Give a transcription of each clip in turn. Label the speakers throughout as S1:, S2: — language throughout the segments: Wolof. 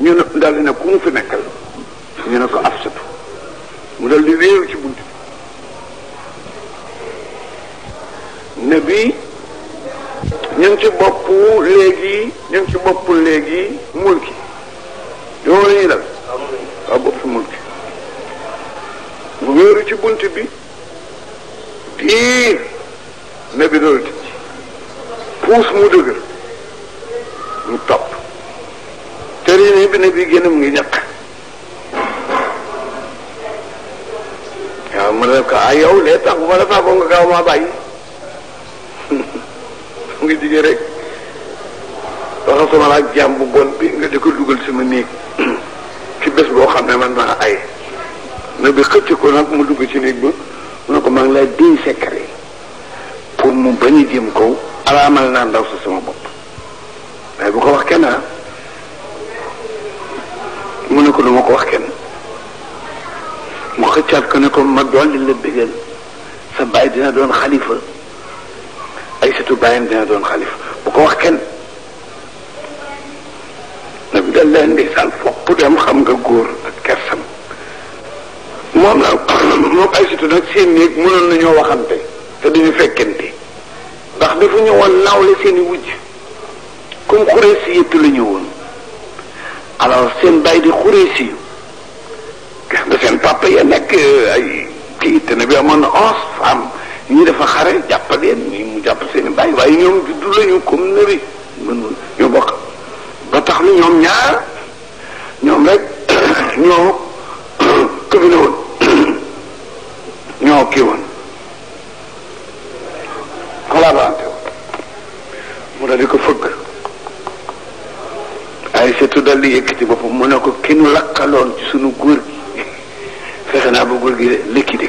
S1: ñu ne daal di ne ku mu fi nekkal ñu ne ko afsatu mu dal di wéeru ci bunt bi ne bii ñu ngi ci bopp léegi ñu ngi ci bopp léegi mulki yow la ñuy dal waaw bopp mulki mu wéeru ci bunt bi diir ne bi doolu puus mu dëgër mu topp kër yi bi ne bii génn mu ngi ñàkk waaw ma ne ko ah yow lee tax bu ma nga gaaw maa bàyyi mu ngi jigéen rek waxa sama laaj jaam bu bon bi nga di ko dugal sama néeg ci bés boo xam ne man maa ay na bi xëcc ko nag mu dugg ci néeg ba mu ne ko maa ngi lay déy secret pour mu bañ a jëm kaw alaamal naa ndaw sa sama bopp waaye bu ko wax kenn ah. ne ko duma ko wax kenn mu xëccaat ko ne ko ma dolli la bégal sa baay dina doon xalifa ay sëtu baayam dina doon xalifa bu ko wax kenn na bi dal leen ndeysaan fokk dem xam nga góor ak kersam moom la moom ay sëtu nag seen néeg mënoon nañoo waxante te duñu fekkente ndax dafa ñëwoon nawle seeni wujj comme xuree si yëpp la ñëwoon alors seen bàyyi di xureesiyu gis seen papa ya nekk eh, ay kii ne bi amoon na onze femmes ñii defa xare jàpp leen mu jàpp seen bàyyi waaye ñoom du lañu comme nëri mënul ñu bokk ba tax lu ñoom ñaar ñoom rek ñoo këbine woon ñoo kii fàllu yëkkati boppam mën ne ko ki nu lakkaloon ci sunu góor gi fexe naa ba góor gi liquidé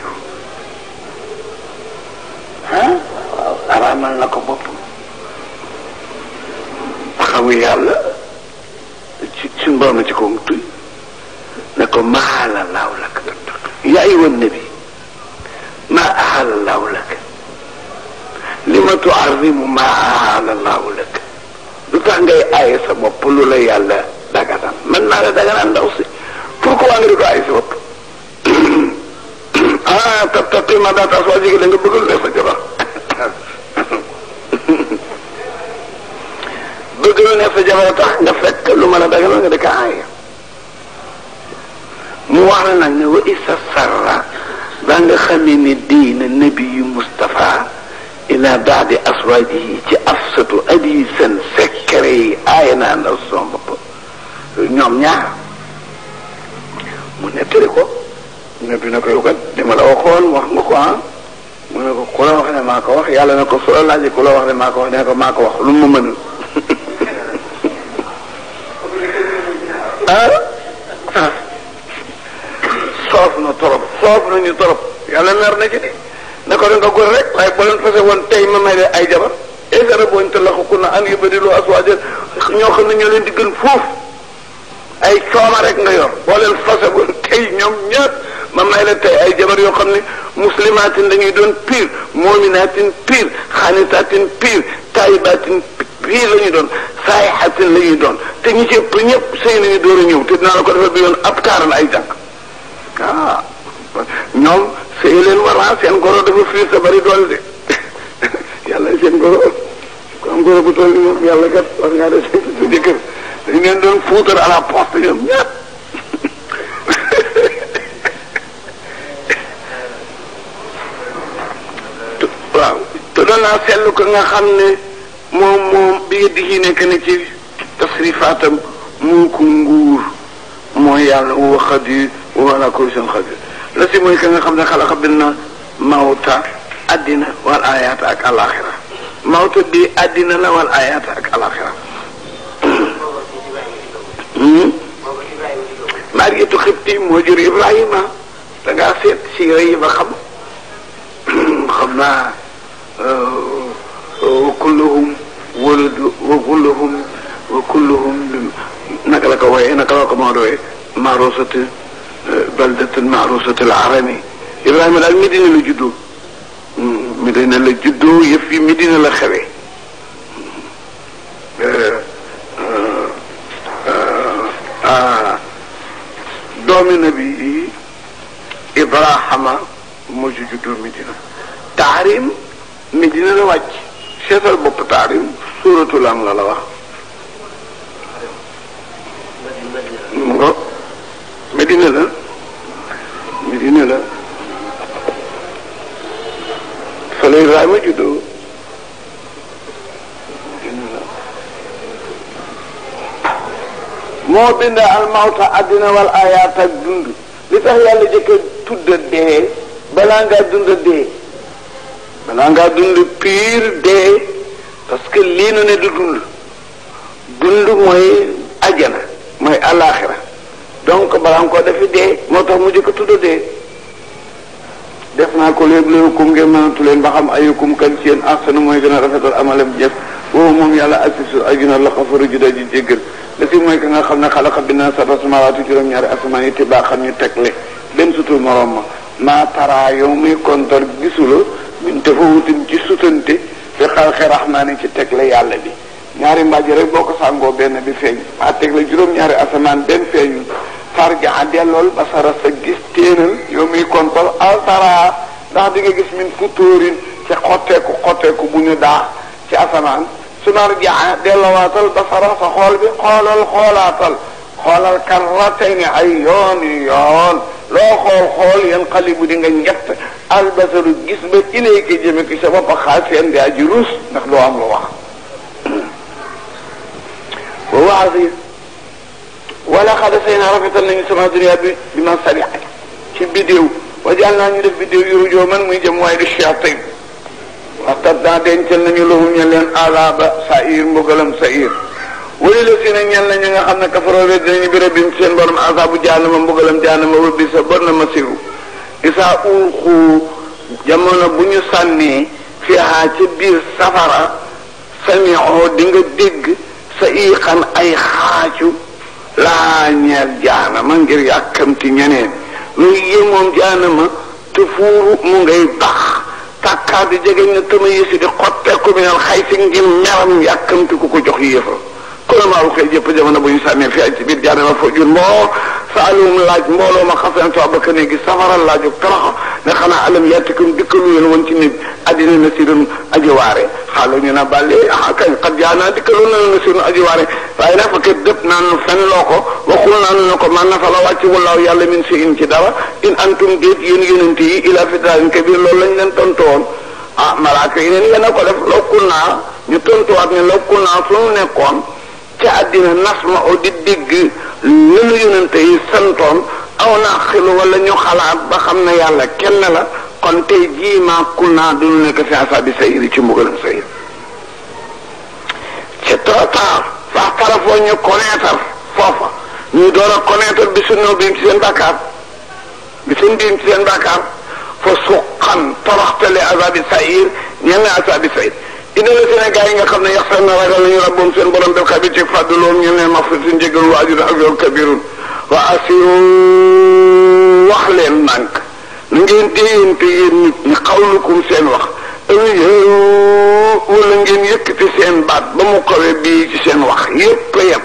S1: tax nga fekk lu mën a daganal nga di ko aaye mu wax la nag ne wa isa sarra ba nga xamee ne diina nabiyu Mustafa ila baadi aswaajihi ci afsatu adi sekkere yi aaye naa ndaw sama bopp ñoom ñaar mu nettali ko ne na ko yow kat ma la waxoon wax nga ko ah mu ne ko ku la wax ne maa ko wax yàlla na ko su la laajee ku la wax ne maa ko wax ne maa ko wax lu mu mënul ah soof na torop soof na ñu torop yàlla nar na ci de ko nga góor rek waaye ba leen fase woon tey ma may ay jabar esara boñ te la ko kun na an yubadilu aswaaja ñoo xam ne leen di gën foof ay cooma rek nga yor boo leen fase woon tey ñoom ñëpp ma may la ay jabar yoo xam ne muslimaatin dañuy doon piir moominaatin piir xaanitaatin piir taayibaatin piir la ñuy doon saayixaatin la ñuy doon te ñi sëy nañu door ñëw te dinaa la ko defal bi yoon ab taaral ay jànq ah ñoom sëy leen war seen goro dafa fiir sa bari doole de yàlla seen goro ko goro bu toll ni moom yàlla kat doon fuutar à la waaw te doon naa seetlu ko nga xam ne moom moom bi nga digi nekk na ci tasrifaatam mu ko nguur mooy yàlla wa xadir wa ala kulli la si mooy ka nga xam ne xalaqa bind na mawta wal ayaata ak alaxira mawta bi addina la wal ayaata ak alaxira maariyatu hmm? xibti moo jur ibrahima da ngaa seet si yooyu ba xam hmm, xam naa uh, uh, kulluhum waladu wa kulluhum wa kulluhum naka la ko wooyee naka la ko Maodo wooyee maarosati euh, baldatul maarosatul arami Medina la juddoo hmm, Medina la juddoo yëf yi Medina la hmm. euh, euh, Medina taarim Medina la wàcc seetal bopp taarim suuratul am la la wax mu ngo Medina la Medina la fa la Ibrahima juddoo Medina la moo bind almawta addina wal ayaat ak dund li tax yàlla jëkk tudd dee balaa ngaa dund dee balaa ngaa dund pire dee parce que lii nu ne du dund dund mooy ajana mooy àllaaxira donc balaa nga ko defi dee moo tax mu di ko tudd dee def naa ko léegi léegi kum ngeen mënatu leen ba xam ayukum kan ci yéen ahsanu mooy gën a rafetal amalam jëf boobu moom yàlla ak si aju na la xafaru juda ji jéggal la si mooy ka nga xam ne xalaqa bi sa sab'a samaawaati juróom-ñaari asamaan yi te baa xam ñu tegle benn sutul morom ma maa taraa yow muy kontor gisula min dafa wutin ci sutante fi xalqi rahmaani ci tegle yàlla bi ñaari mbàjj rek boo ko sàngoo benn bi feeñ maa teg la juróom-ñaari asamaan benn feeñul farja a dellool ba sa gis téenal yow muy kon ko ndax di nga gis min futóorin ci xotteeku xotteeku bu ñu daa ci asamaan su nar jaa dellowaatal ba sa xool bi xoolal xoolaatal xoolal kan ni ay yoon yoon loo xool xool yan xali bu di nga njett albasaru gis ba ilayka jëme ki sa bopp xaal seen daa ji ruus ndax doo am wax wa huwa aziz wala xada say naa rafetal nañu sama dunia bi bi sabi ci bidéew wa jàll naa ñu def bidéew yu rujoo man muy jëm waaye di shayatin waxtat daa dencal nañu loxum ñe leen alaaba sair mbugalam sair wali la si na ñel na ñi nga xam ne kafaroo wedd nañu bi rabbim seen borom asabu jaanama mbugalam jaanama wa bi sa na masiru isaa uuxu jamono bu ñu sànni fiha ci biir safara samioo di nga dégg sa iqan ay xaaju laa ñeel jaanama ngir yàkkamti ñeneen muy yéemoom jaanama te fuuru mu ngay bax tàkkaar di jegeñ na tama yési di xotteeku minal xay si ngir meram yàkkamti ku ko jox yéefal kono maa waxee jëpp jamono bu ñu sànnee fi ay ci biir jaanama foo jun saalum laaj mbooloo ma xasantu abaka ne gi safaral laaju torox ne xanaa alam yaatikum dikkalu yéen woon ci nit addina na si doon ajiwaare xaalu ñu na bàlli ah kañ xat yaa naa dikkalu na na si doon ajiwaare waaye nag fa kat dëpp naan fen loo ko waxul naan ne ko ma na fa la wàcc walaaw yàlla min si in ci dara in antum déet yéen yonent yi ila fidrain kabir loolu lañ leen tontu woon ah malaaka yi neen yéen a ko def lokkul naa ñu tontuwaat ne lokkul naa fu mu nekkoon ca addina nas ma o di dégg lënu yonante yi santoon aw naa xilu ñu xalaat ba xam ne yàlla kenn la kon tey jii maa kul naa du ñu fi asaabi sayri ci mbugalam sayri c'est trop tard sax tarafoo ñu connaître foofa ñu door a connaître bi suñu biim seen bàkkaar bi suñu biim seen bàkkaar fa suqan toroxtale asaabi sayir ñeen asaabi sayri inale Sénégal yi nga xam ne yaxtaan na ragal nañu rabboom seen borom bil xabir ci fàddu loolu ñu ne mafasi njëgal wa ajrun ak yoon kabirun wa asiru wax leen nànk na ngeen déyante yéen nit ñi xawlukum seen wax aw wala ngeen yëkkati seen baat ba mu xawee bii ci seen wax yépp a yem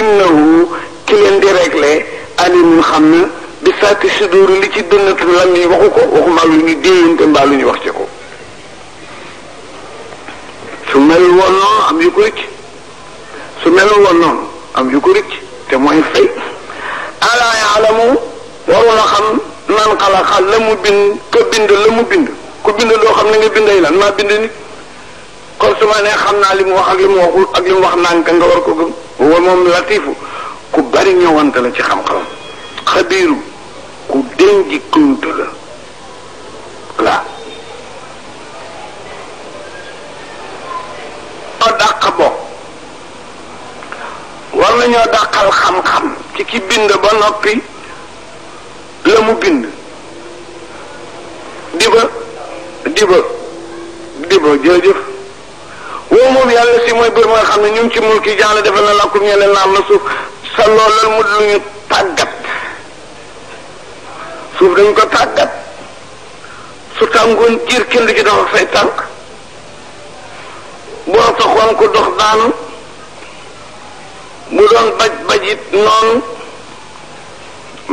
S1: innahu ki leen di réglé alim xam na bi sàkk si dóoru li ci dënnatu la ñu waxu ko waxumaa lu ñu déyante mbaa lu ñu wax ci ko su mel woon noonu am yu ko rëcc su melul woon noonu am yu ko rëcc te mooy fay alaa yaalamu a xam man xalaqa la mu bind ko bind la mu bind ku bind loo xam ne nga binday lan maa bind nit kon su xam naa li mu wax ak li mu waxul ak li mu wax naan nga war ko gëm wala moom latifu ku bari ñëwante la ci xam-xam xabiiru ku denji kunt la waaw nañoo dàq bokk war nañoo dàqal xam-xam ci ki bind ba noppi la mu bind diba diba diba jërëjëf woo moom yàlla si mooy bër nga xam ne ñu ngi ci mulki jaana defal na làkkum ñeneen laam na suuf sa loolal mu lu ñu tàggat suuf dañ ko tàggat su tàngoon jiir kenn du ci dafa fay tànk boo taxoon ku dox daanu bu doon baj bajit noonu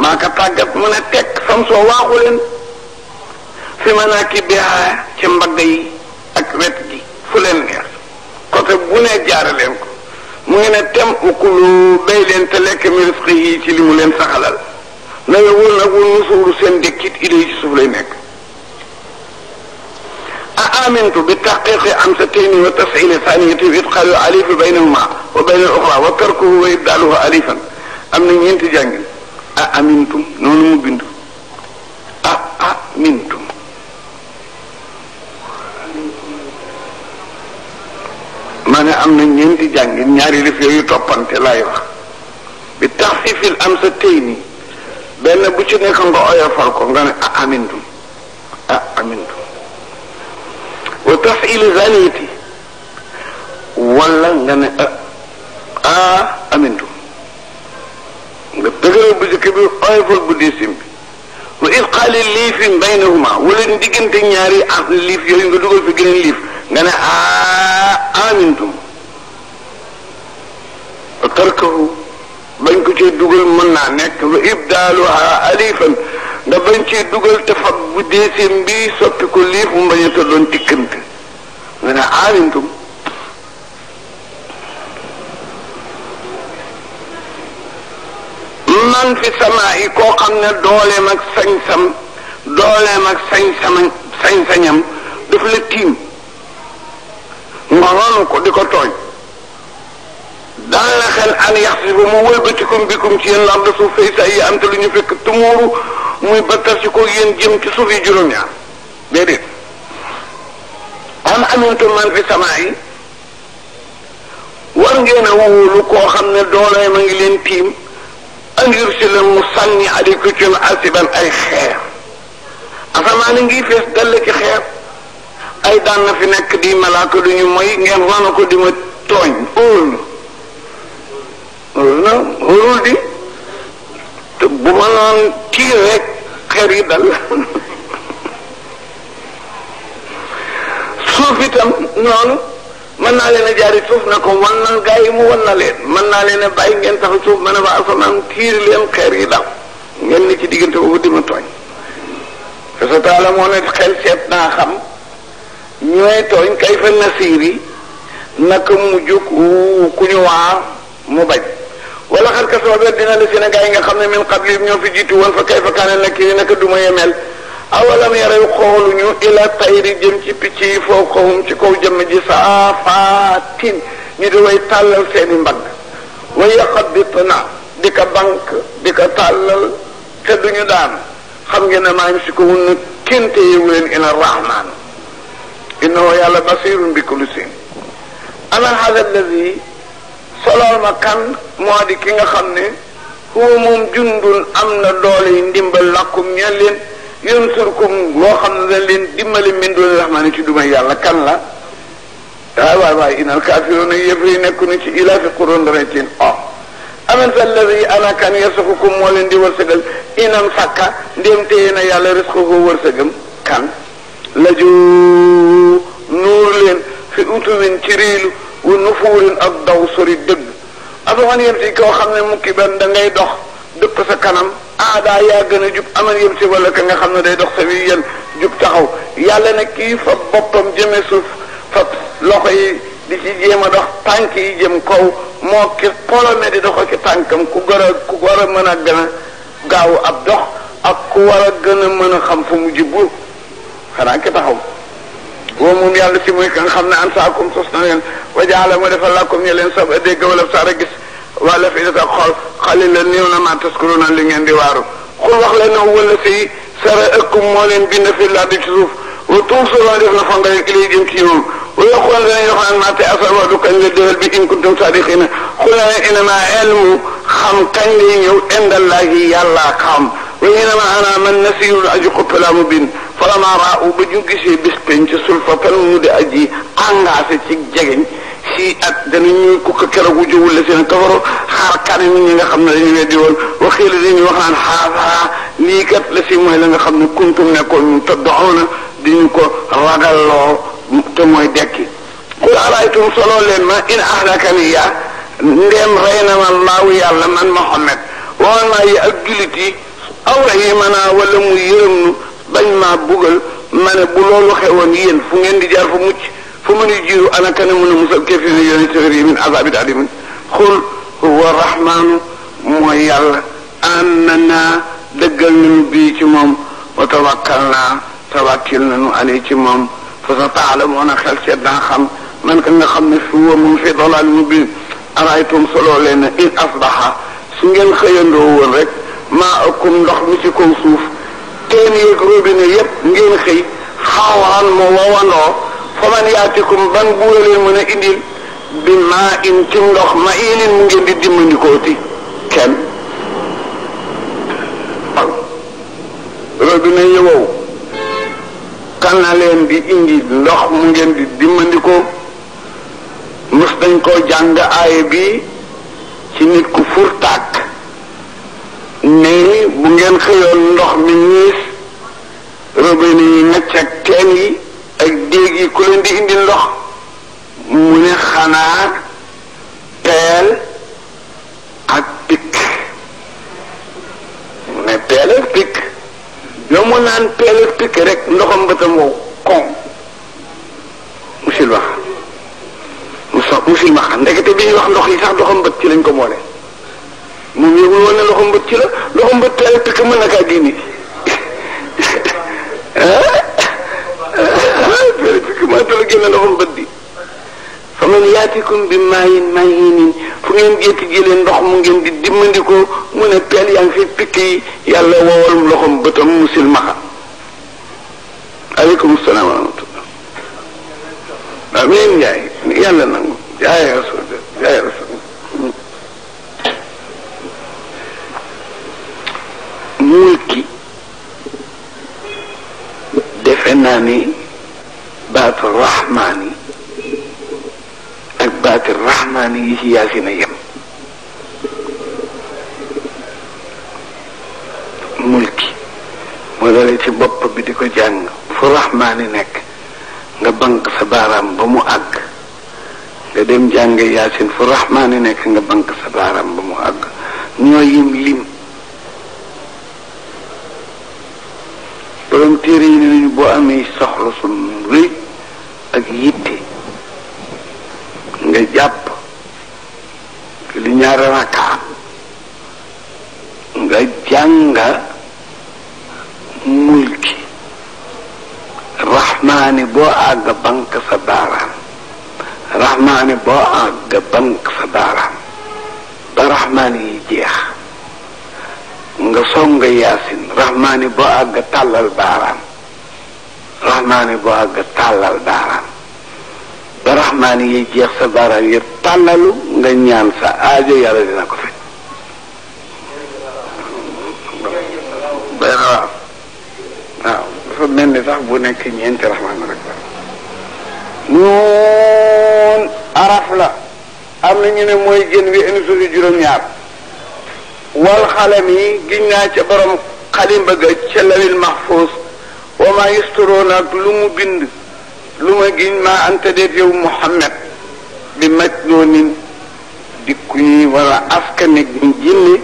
S1: maa ko tàggat mu ne teg sam soo waaxu leen fi ma naa ki bihaa ci mbagg yi ak wet gi fu leen neex côté bu ne jaare leen ko mu ngi ne tem ukulu bay leen te lekk mi yi ci li mu leen saxalal na nga wër nu suuru seen dëkkit idée yi ci suuf lay nekk أآمنت بالتحقيق عن ستين وتسعين ثانية إدخال أليف بينهما وبين الأخرى وتركه وإبداله أليفا am na ñeenti jàngin a amintum noonu mu bindu a amintum ma ne am na ñeenti jàngin ñaari lif yooyu toppante laay wax bi tax fifil am sa tey nii benn bu ci nekk nga oyofal ko nga ne a amintum a amintum wa tafili zaniyati wala nga ne ah, ah amintu nga dëgëral bu jëkk bi oyofal bu diisim bi wa itqaali liifin baynahuma wala diggante ñaari ak liif yooyu nga dugal fi geneen liif nga ne ah amintum tarkahu bañ ko cee dugal mën naa nekk wa ibdaaluha alifan nga bañ ci dugal te fag bu deesee mbii soppi ko liif mu bañ te doon tikkante nga ne amintum man fi sama yi koo xam ne dooleem ak sañ-sam dooleem ak sañ-sam sañam daf la tiim nga ronu ko di ko tooñ daan la xel an yax si ba mu wëlbatikum bikum ci yéen lar da suuf fay sa yi am te lu ñu fekk tumuuru muy battar ci ko yéen jëm ci suuf yi juróom-ñaar déedéet am amintu man fi samaa yi war ngeen a wóolu koo xam ne doolay ma ngi leen tiim an yursila mu sànni aleykum asiban ay xeer asamaan a ngi fees dell ci xeer ay daan na fi nekk di malaaka du moy ngeen wana ko di ma tooñ óolu di bu ma noon kii rek xeer yi dal suuf itam noonu mën naa leen a jaari suuf na ko wan na gaa mu wan na leen mën naa leen a bàyyi ngeen tax suuf mën a ba asamaan tiir leen xeer yi dal ngeen ni ci diggante boobu di ma tooñ parce que taala moo ne xel seet naa xam ñooy tooñ kay fa nasiir yi naka mu jóg ku ñu waa mu bañ soobee dina la seen gaa yi nga xam ne min qabli ñoo fi jiitu woon fa kayfa kaana nakiri naka du ma yemeel awalam yaraw xooluñu ila tayri jëm ci picc yi foo fawqahum ci kaw jëmm ji saafaatin ñu di way tàllal seeni mbagg wa yaqabitna di ko bank di ko tàllal te duñu daan xam ngeen ne maa ngi si ko wun kente yewu leen ila rahmaan innahu yàlla basirun bi kulli sin ana hada solool ma kan moo di ki nga xam ne huwa moom jundun am na doole yi ndimbal lakkum ñeen leen yansurkum loo xam ne dañ leen dimbali min duni rahmaani ci dumay yàlla kan la waay waay waay inal kaafiruuna yëpp yi nekk nu ci ilaa fi quroon dana tiin o oh. aman sa lëri ana kan yarsukukum moo leen di wërsëgal inan sakka ndéem téye na yàlla risquhu wërsëgam kan laju nuur leen fi utuwin ci riilu wu nu fuurin ak daw sori dëgg adoxan yem si koo xam ne mukki benn da ngay dox dëpp sa kanam aadaa yaa gën a jub aman yem si wala ka nga xam ne day dox sa wi yen jub taxaw yàlla ne kii fa boppam jëme suuf fa loxo yi di ci jéem a dox tànk yi jëm kaw moo ki polome di dox ci tànkam ku gër ku war a mën a gën gaaw ab dox ak ku war a gën a mën a xam fu mu jubbu xanaa ki taxaw woo moom yàlla si muy ka nga xam ne an saakum sos na leen wajaala mu defal làkkum ñu leen sab dégg wala saara gis wala fi def ak xol xali la néew na ma taskuru na li ngeen di waaru xul wax leen na wala si sara ëkkum moo leen bind fi laa di ci suuf wa tuum solo def na fa nga leen ilay jëm ci ñoom wala xool danañ yoo xam ne maa te asal wax du kañ la déwél bi in kuntum sadiqina xul na leen inama ilmu xam kañ lay ñëw indallaahi yàllaa xam wa inama ana man nasirun aji xuppalaa mu bin falama raaw ba ñu gisee bés penc sulfa fan mu di aji engagé ci jegeñ si at danañu ku wu jowul la seen kafaro xaar kan mi nga xam ne dañu weddi woon waxii la dañuy wax naan xaasaa lii kat la si la nga xam ne kuntum nekkoon ñu te doxoona di ñu ko ragalloo te mooy dekki
S2: qul araytum soloo leen ma in ahlakani yaa
S1: ndeem rey na ma laawu yàlla man Muhammad waxoon naa yi ak jullit aw rahimanaa wala mu yërëm nu bañ maa bugal ma ne bu loolu xewoon yéen fu ngeen di jaar fu mucc fu mu nu jiiru ana kana mën a musal kéefina yooni tëri min azabit alimin xul huwa rahmaanu mooy yàlla ànd naa dëggal nañu bii ci moom wa tawakkal naa tawakkil nañu ani ci moom fa sa taalamoona xel seet naa xam man ka nga xam ne fi wa mun fi dalaal mu bi araytum soloo leen in asbaha su ngeen xëyandoo woon rek maa akum ndox mi ci kaw suuf teen yeeg robinet yépp ngeen xëy xaawaan mu wowandoo fa ban buura mën a indil bi maa in ci ndox ma inin mu ngeen di dimmandikoo ti kenn waaw robinet yi na leen di indi ndox mu ngeen di dimmandikoo mës dañ koo jàng aaya bi ci nit ku furtaat nii bu ngeen xëyoon ndox mi ñiis robinet yi ngacc ak teen yi ak déeg yi ku leen di indi ndox mu ne xanaa peel ak pikk mu ne peel ak pikk yow mu naan peel ak pikk rek ndoxam ba tam wow kon musil wax so musil wax ndekete bi ñuy wax ndox yi sax ndoxam bët ci lañ ko boole moom yëgul woon ne loxo mbët ci la loxo mbët teel a tëkk mën na kaa génne ah teel loxo mbët bi fa man yaatikum bi maayin mahiinin fu ngeen gétti jëlee ndox mu ngeen di dimmandikoo mu ne peel yaa ngi fi pikk yi yàlla woowal loxo mbëtam mu silmaxa aleykum salaam wa rahmatullah yàlla nangu yaay rasul yaay rasul naa ni baatu rahmaani ak baatu rahmaani yi ci yaasin a yem mulki moo dalee ci bopp bi di ko jàng fu rahmaani nekk nga bank sa baaraam ba mu àgg nga dem jàng yaasin fu rahmaani nekk nga bank sa baaraam ba mu àgg ñoo yim lim rëy rëy nañu boo amee soxla su rëy ak yitte nga jàpp li ñaari rakkaam nga jànga mulki raxmaani boo àgg banque sa baaraam raxmaani boo àgg banque sa baaraam ba raxmaani yi jeex nga song yaasin raxmaani boo àgg tàllal baaraam raxmaani bu àgg tàllal daaraan ba raxmaani yiy a sa daaraan yëpp tàllalu nga ñaan sa aajo yàlla dina ko fekk benn waaw waaw dafa bu nekk ñeenti raxmaani rek la nuun araf la am na ñu ne mooy jën wi indi suufi juróom-ñaar wal xalam yi giñ naa ca borom xalim bëgg ca lawil mahfuus wa maa yastoroon ak lu mu bind lu ma giñ maa anta déet yow Muhammad bi majnoonin dikku ñuy wala askanig ñu jinne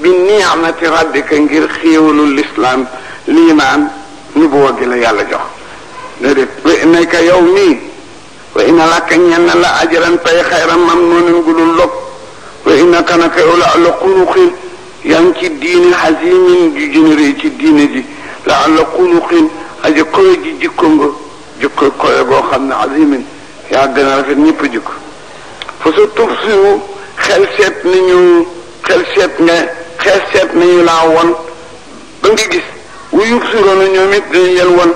S1: bi niamati rabbika ngir xéewalu lislaam liimaan nu bu waggi la yàlla jox déedéet wa innaka yow mii wa inna laka ñenn la ajaran pay xayran mamnuunin gudul log wa innaka naka yow la ala xuruqin yaa ngi ci diini xasimin ju jënéré ci diine ji la alla xuluqin aji kowe ji jikko nga jikko kowe goo xam ne azimin yaa gën a rafet ñëpp jikko fa sa tub siwu xel seet ne ñu xel seet nga xel ni ñu laa won ba nga gis wu yub siroona ñoom it dañu yel won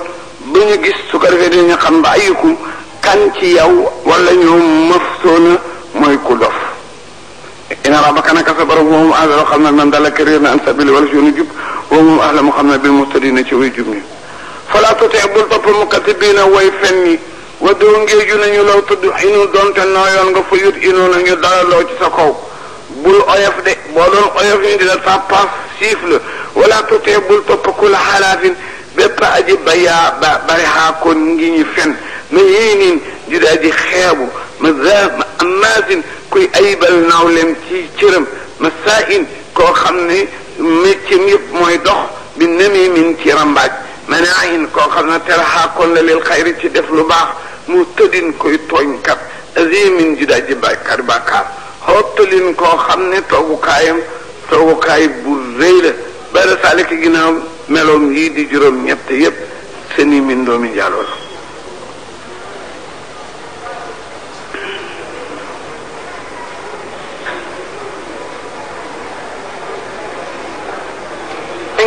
S1: ba ñu gis su ko defee dañu xam ba ayyukum kan ci yow wala ñu mëf soona mooy ku dof ina ka naka sa borom moom azal xam na man dala na an sabili wala si yoonu jub wa moom ahla mu xam ne bil muhtadina ci way jub ñi fala tutee bul topp a way fen yi wa doo ngeeju nañu law tudd inu donte nooyoon nga fa yut inu nañu dalaloo ci sa bul oyof de boo oyof ñu dina tappas siif la wala tutee bul topp kula xalaafin bépp aji bayaa ba bari ngi fen ma yéenin di daa xeebu ma amaasin kuy ayibal nawlem ci cëram ma saa in koo xam ne métier mi yëpp mooy dox bi nemi min ci rambaaj ma ne ayin koo xam ne teraxaakoon la lil xayri ci def lu baax mu tëddin koy tooñkat azimin ji daji bàkkaar bàkkaar xottalin ko xam ne toogukaayam toogukaay bu rëy la bare saale ki ginnaaw meloom yii di juróom ñett yépp seni min doomi njaaloo la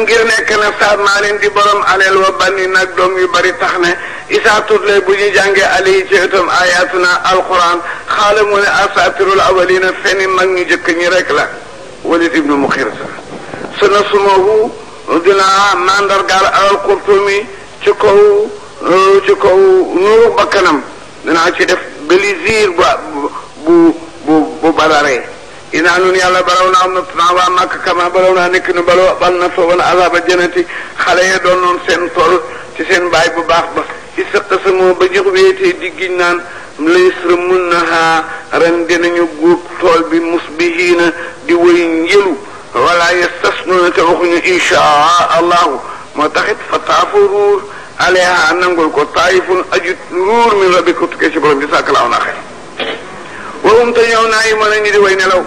S1: ngir nekk na saat maa leen di borom aleel wa banni nag doom yu bari tax ne isaa tutle bu ñu jàngee alayhi ci itam ayatuna alquran xaala mu ne asatirul awalina fenni mag ñu jëkk ñi rek la walid ibnu muxirsa su na sumahu dinaa mandargaal alal kurtumi ci kaw ci kaw nuuru bakkanam dinaa ci def belizir bu bu bu inaa nun yàlla baraw na am na tunaa naa nekk nu baloo bal na fa wala azaba janati xale ya doon noon seen tool ci seen baay bu baax ba i sëq sa moo ba jox wéetee di giñ naan lays ra mun nahaa ren dinañu góob tool bi musbihiina di woy njëlu wala yastasnuuna te waxuñu inchaa allahu moo taxit fa taafa ruur aleha nangul ko taayifun ajut ruur min rabbi ko tukkee ci borom di sàkkalaaw naa xel waxum te ñëw naa yi mën a ñu di way nelaw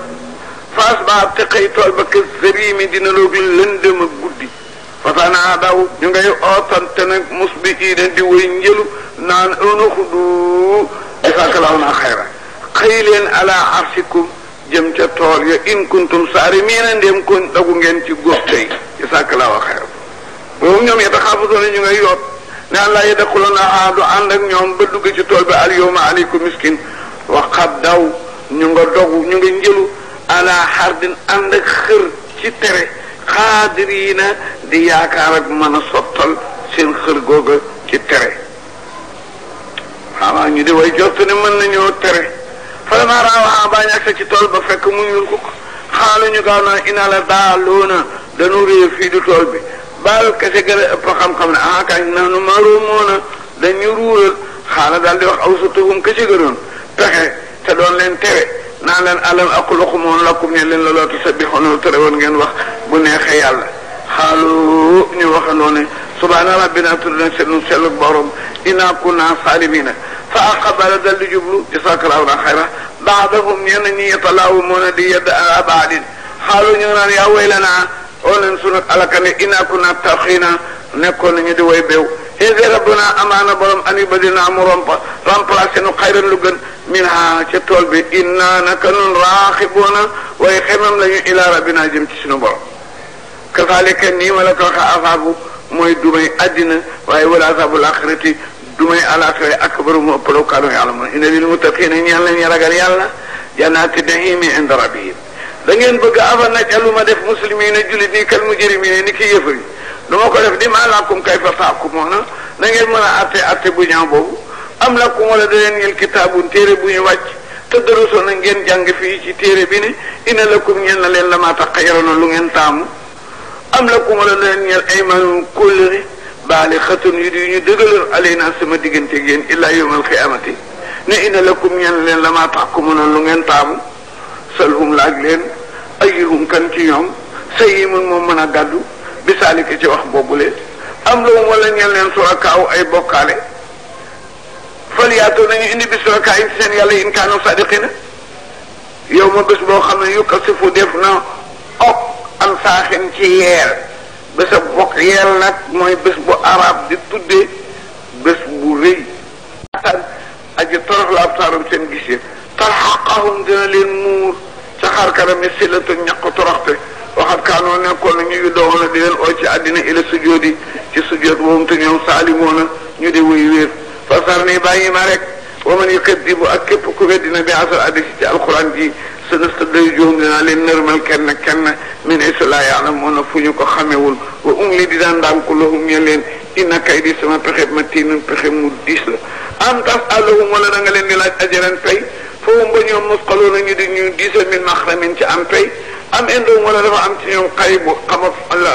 S1: faas baa te xëy tool ba kër sëriimi dina loog lëndëm ak guddi fasanaa daw ñu ngay ootante nag mus bi ii den di woy njëlu naan unuxudu jasakalaaw naa xayra xëy leen ala arsikum jëm ca tool ya in kuntum saari mii na ko dagu ngeen ci góob tey jasakalaaw xayra boobu ñoom yetta xaafusoona ñu ngay yoot naan laa yedda xuloon a du ànd ak ñoom ba dugg ci tool ba al yawma aleykum miskin wa qad daw ñu nga dogu ñu nga njëlu ala xardin ànd ak xër ci tere xaadir yi na di yaakaar ak mën a sottal seen xër googa ci tere waaw ñu di way jot ne mën nañoo tere vraiment raawaa baa ñàkk ci tool ba fekk mu ñuul kukk xaalu ñu gaaw naa inaa la daaloona dañu réer fii du tool bi baal ka gën a ëpp xam-xam ne ah kañ na nu marumoona dañu ruural xaala daal di wax aw sa tuhum kese gënoon pexe te doon leen tere naa leen alam aqul uxumoon lakum ne leen la loo tusabbixuuna tere woon ngeen wax bu neexee yàlla xaalu ñu waxandoo ne subhaana rabbina tudd na seen sellu borom inaa kunna saalimiina fa aqbala dal di jublu jazaakallaahu xayra baadahum ñenn ñi yatalaawumuuna di yedd ala baadin xaalu ñu naan yaa waylanaa oo leen sunu alakane inaa kunna taxiina di way beew hésee rabbuna amaana borom ani ba dinaa mu rompa nu xayran lu gën. minaa ca tool bi inna naka nun raaxibuuna waaye xemam lañu ilaa rabbinaa jëm ci suñu borom kazaalika nii ma la ko waxee asaabu mooy dumay àddina waaye wala asaabul axirati dumay alaaxira akbaru mu ëpp law kaanu yaalamuun inna lil muttaqiina ñeel nañu ragal yàlla jannaati nahiimi inda rabbihim da ngeen bëgg afa najalu ma def muslimiina a nii kal mujrimiina ni ki yëfar yi du ma ko def di maa laakum kayfa tahkumuun na ngeen mën a atte atte bu ñaaw boobu. am lakum wala da leen ngeen kitaabun téere bu ñu wàcc te doroso na ngeen jàng fii ci téere bi ni ina lakum ñeen la leen lama taxayaroona lu ngeen taamu am lakum wala da leen ñeel aymanun kóllëre baale xatun yu di ñu dëgaloon aleyna sama diggante ak yéen illaa yawmal qiyaamati ne ina lakum ñeen leen lama taxkumuna lu ngeen taamu salhum laaj leen ayyuhum kan ci ñoom sayyimun moom mën a gàddu bisaalika ci wax boobule am lahum wala ñeen leen surakaaw ay bokkaale wala yaatoo nañu indi bis la kaa in seen yàlla yi in kaanu sadiqina yow ma bés boo xam ne yukkal si fu def na ok am saaxin ci yeel bés a bokk yeel nag mooy bés bu arab di tuddee bés bu rëy tan aji torof la ab saarum seen gis yi tarxaqahum dina leen muur ca xar kanam yi silatu ñaq toroxte waxat kaanoo nekkoon na ñu yu doxoon na di leen ooy ci àddina ila sujood yi ci sujood moom te ñoom saalimoona ñu di wéy wéer fasar ni bàyyi ma rek wa man yukazibu ak képp ku weddina bi asal addisi ci alquran ji sunu stadday joom dinaa leen nërmal kenn kenn min isu laa yaalamuuna fu ñu ko xamewul wa umli dinaa ndànku lahum ya leen inna kay di sama pexe ma tiinun pexe mu diis la am tas àllahum wala da nga leen di laaj ajaran pay foofu ba ñoom musqaloo nañu di ñu diisal min maxramin ci am pay am indoom wala dafa am ci ñoom xay bu xam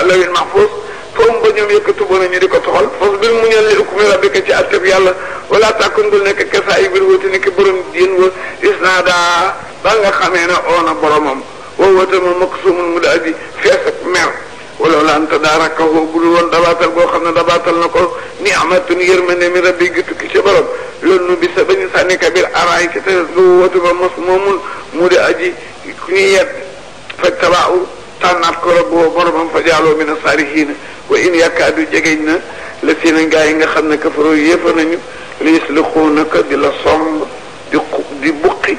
S1: lawin mahfuz koom ba ñoom yëkkatu ba ñu di ko toxal fas bir mu ñeel li hukmi rabbika ci atteb yàlla wala tàkkun dul nekk kesaa yi bir wóoti nekk borom jén wa gis naa daa ba nga xamee ne oona boromam woo wóotama maksumun mu daal di fees ak mer wala la anta daarakahu bu dul woon dabaatal boo xam ne dabaatal na ko ni'matun yërmande mi rabbi gi tukki ci borom loolu nu bisa bañu sànni kabir araay ci tefes nga wóotama mos moomun mu di aji ku ñuy yet faj tabaaw tànnaat ko rabboo boromam fa jaaloo min saalihiina wa in yakaadu la seen gaa yi nga xam ne kafaroo yéefa nañu liis la xuunaka di la somb di di bi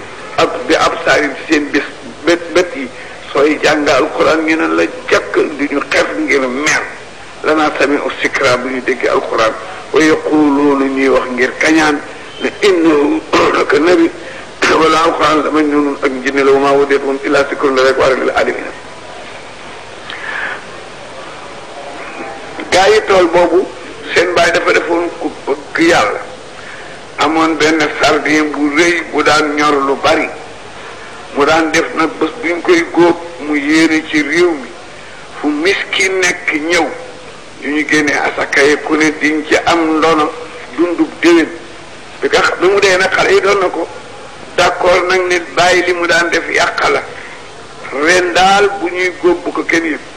S1: ab saari ci seen bés bét bét yi sooy jàng alquran ñu ne la jàkk di ñu xef ngir mer lanaa sami u sikra bu ñu déggee alquran wa yaquluuna ñuy wax ngir kañaan ne innahu naka nabi wala la wu i la rek gaa tool boobu seen baay dafa defoon ku bëgg yàlla amoon benn sardine bu rëy bu daan ñor lu bari mu daan def nag bés bu ñu koy góob mu yéene ci réew mi fu miskin nekk ñëw ñu ñu génnee asaka yi ku ne diñ ci am ndono dundub déwén bi bi mu dee nag xale yi doon na ko d'accord nag nit bàyyi li mu daan def yàq la ren daal bu ñuy góob bu ko kenn yëpp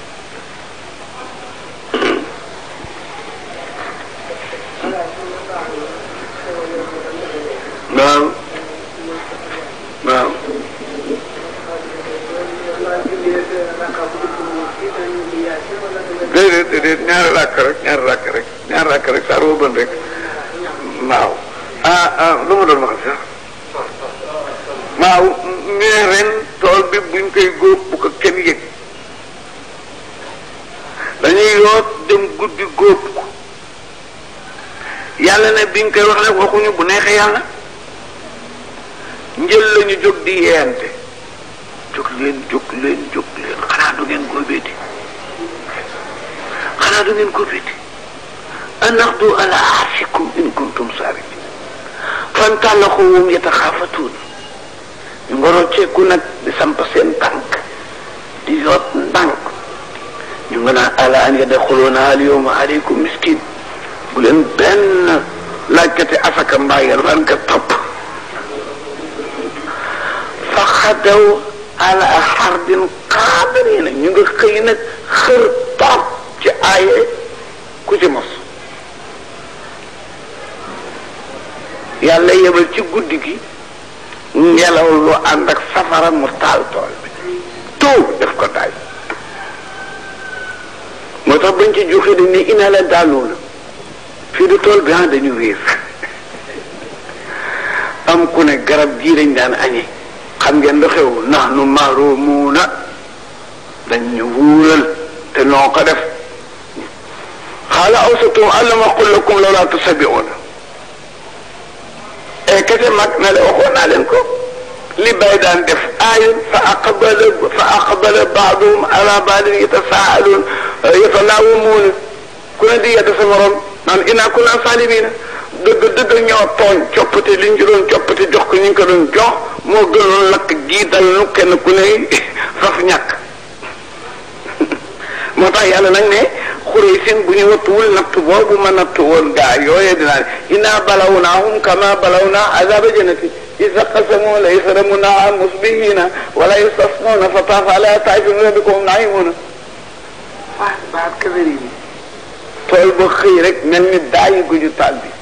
S1: bëggoon rek waaw ah ah lu ma doon sax waaw ñu ne ren tool bi buñ koy góob bu ko kenn yëg dañuy yoot dem guddi góob ko yàlla ne biñ koy wax rek waxuñu bu neexee yàlla njël la jóg di yeente jóg leen jóg xanaa du ngeen góobeeti xanaa du ngeen góobeeti أن نغدو على عرشكم إن كنتم صادقين فانطلقوا وهم يتخافتون ngoro ceeku nag di samp seen tànk di yoot ndànk ñu nga naan ala an yadxuluuna al yawma aleykum miskin bu leen benn laajkati asaka mbaa yalwaan ka topp fa xadaw ala xardin qaadiriina ñu nga xëy nag xër toog ci aaye ku ci mos yàlla yebal ci guddi gi ngelaw lu ànd ak safara mu taal tool bi taw def ko daal moo tax bañ ci juuxi dañ ne ina la daaloo la fii du tool bi ah dañu wéer am ku ne garab gii dañ daan añee xam ngeen lu xew nax nu maaroo muuna dañ ñu wuural te noo ko def xaala awsatum allama qul lakum lawlaa tusabbihuna kese mag na la waxoon naa leen ko li bay def aayun fa aqbala fa aqbala baaduhum ala baadin yatasaaluun ku ne di yedd sa morom naan innaa kullaa saalimiina dëgg dëgg ñoo tooñ coppite li ñu ci doon coppite jox ko ñu ngi ko doon jox moo gënoon faf ñàkk moo tax yàlla nag ne xuree sin bu ñu wattuwul natt boobu ma natt woon gaa yooye dinaa inaa balaw kama balaw naa azaba jannati isa qasamu la yasramuuna musbihina wala yastasnuuna fa taafa ala taa'ifin min rabbihim naa'imuun tool ba xëy rek mel ni daay gu ñu tàbbi